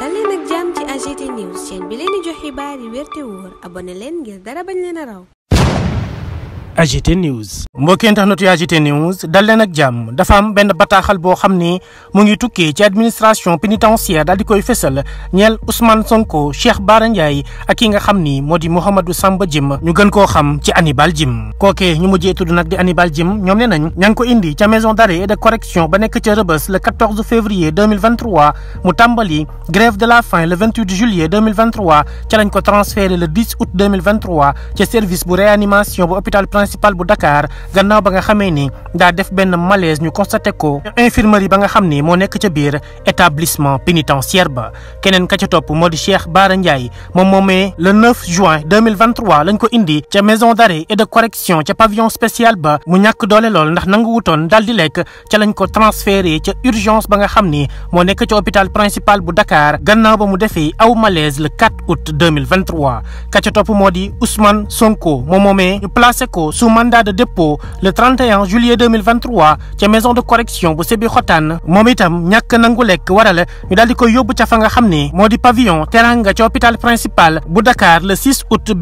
dal leen ak jàmm ci AGT news chaîne dal leen ak jàmm dafa am benn bataaxal boo xam ne mu ngi tukkee ci administration pénitentiaire daal di koy fësal ñeel Ousmane Sonko Cheikh Bara Ndiaye ak ki nga xam ni moo di Mouhamadou Samba Djim ñu gën koo xam ci Hannibal Djim. kookee ñu mujjee tudd nag di Hannibal Djim ñoom ne nañ ña ngi indi ca maison d'arrêt et de correction ba nekk ca Rebeuss le 14 mu tàmbali grève de la faim le 28 ca lañ ko transféré le 10 ca service bu réanimation bu hôpital principal bu Dakar gannaaw ba nga xamee ni daa def benn malaise ñu constaté ko infirmerie ba nga xam ni moo nekk ca biir établissement pénitentiaire ba keneen ka ca topp moo di Cheikh Bara Ndiaye moom moomee le 9 juin 2023 lañ ko i arrestation ca pavillon spécial ba mu ñàkk doole lool ndax nangu wutoon daal lekk ca lañ ko transféré ca urgence ba nga xam ni moo nekk ca hôpital principal bu Dakar gannaaw ba mu defee aw malaise le 4 août topp moo di Ousmane Sonko moo moomee ñu placé ko sous mandat de dépôt le 31 juillet 2023 ca maison de correction bu Sébikotane moom itam ñàkk nangu lekk waral ñu daal di yóbbu ca fa nga xam ni moo di pavillon Teranga ca hôpital principal bu Dakar le 6 août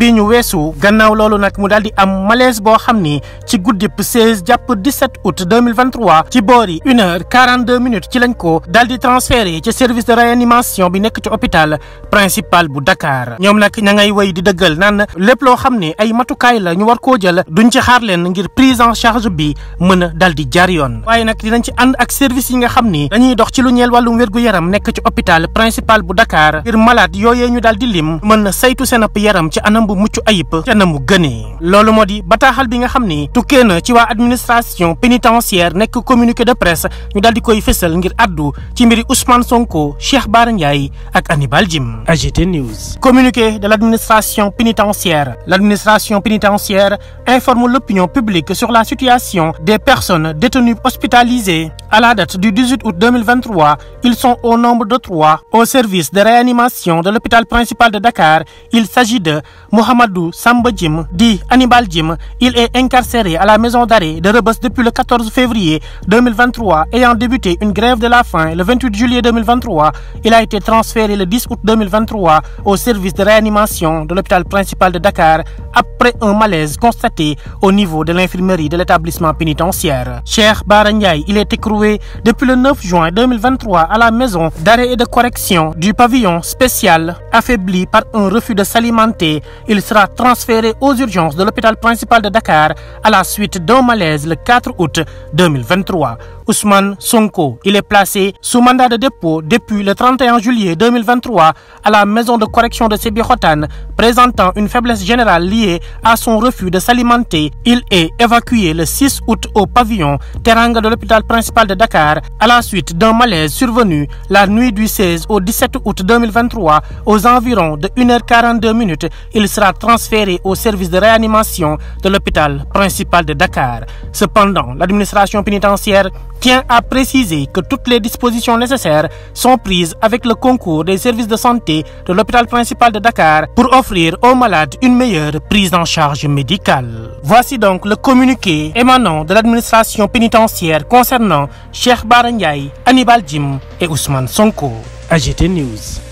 malaise boo xam ni ci guddip 16 jàpp 17 août 2023 ci boori une heure 42 minutes ci lañ ko daal di transféré ci service de réanimation bi nekk ci hôpital principal bu Dakar ñoom nag ña ngay wéy di dëggal naan lépp loo xam ne ay matukaay la ñu war koo jël duñ ci xaar leen ngir prise en charge bi mën a dal di jaar yoon waaye nag dinañ ci ànd ak service yi nga xam ni dañuy dox ci lu ñeel wàllum wérgu yaram nekk ci hôpital principal bu Dakar ngir malade yooyee ñu daal di lim mën na saytu seen ab yaram ci anam bu mucc anam mu gënee loolu bataaxal bi nga xam ni tukkee na ci waa administration nekk communiqué de presse ñu daal di koy fësal ngir addu ci mbiri Ousmane Sonko Cheikh Bara Ndiaye ak Hannibal Djim AGT News communiqué de l' administration pénitentiaire l' administration pénitentiaire informe l'opinion publique sur la situation de personnes détenues hospitalisées À la date du 18 août 2023, ils sont au nombre de trois au service de réanimation de l'hôpital principal de Dakar. Il s'agit de Mohamedou Samba Jim, dit Hannibal Jim. Il est incarcéré à la maison d'arrêt de Rebeuss depuis le 14 a été transféré au niveau de l'infirmerie de l'établissement pénitentiaire. Cheikh Bara Ndiaye, il retrouvés depuis le 9 juin 2023 à la maison d'arrêt et de correction du pavillon spécial. Affaibli par un refus de s'alimenter, il sera transféré aux urgences de l'hôpital principal de Dakar à la suite d'un malaise le 4 août Ousmane Sonko. Il est placé sous mandat de dépôt depuis le 31 juillet 2023 à la maison de correction de Sébikotane, présentant une faiblesse générale liée à son refus de s'alimenter. Il est évacué le 6 août au pavillon Teranga de l'hôpital principal de Dakar à la suite d'un malaise survenu la nuit du 16 au 17 août 2023 aux environs de 1h42 minutes. Il sera transféré au service de réanimation de l'hôpital principal de Dakar. Cependant, l'administration pénitentiaire tient à préciser que toutes les dispositions nécessaires sont prises avec le concours des services de santé de l'hôpital principal de Dakar pour offrir aux malades une meilleure prise en charge médicale. Voici donc le communiqué émanant de l'administration pénitentiaire concernant Cheikh Bara Ndiaye, Hannibal Djim et Ousmane Sonko. AGT News.